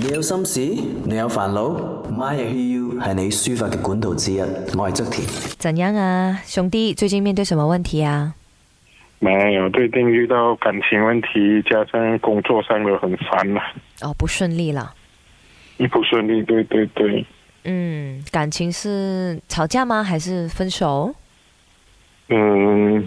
你有心事，你有煩惱，My Hear You 係你抒發嘅管道之一。我係側田。怎樣啊，兄弟？最近面對什麼問題啊？沒有，最近遇到感情問題，加上工作上都很煩啦、啊。哦，不順利啦？不順利，對對對。嗯，感情是吵架嗎？還是分手？嗯。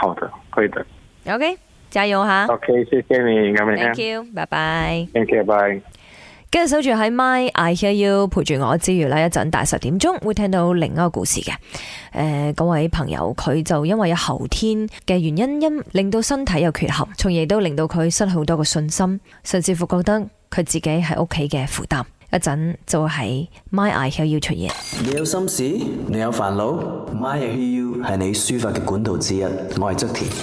好的，可以的。OK，加油吓！OK，謝謝你咁樣。Thank you，拜拜。Thank you，拜拜。跟住守住喺 I hear you 陪。陪住我之餘呢一陣大十點鐘會聽到另一個故事嘅。誒、呃，嗰位朋友佢就因為有後天嘅原因，因令到身體有缺陷，從而都令到佢失去好多嘅信心，甚至乎覺得佢自己喺屋企嘅負擔。一陣就會喺 My I Hear You 出現。你有心事，你有煩惱，My I Hear You 係你抒發嘅管道之一。我係側田。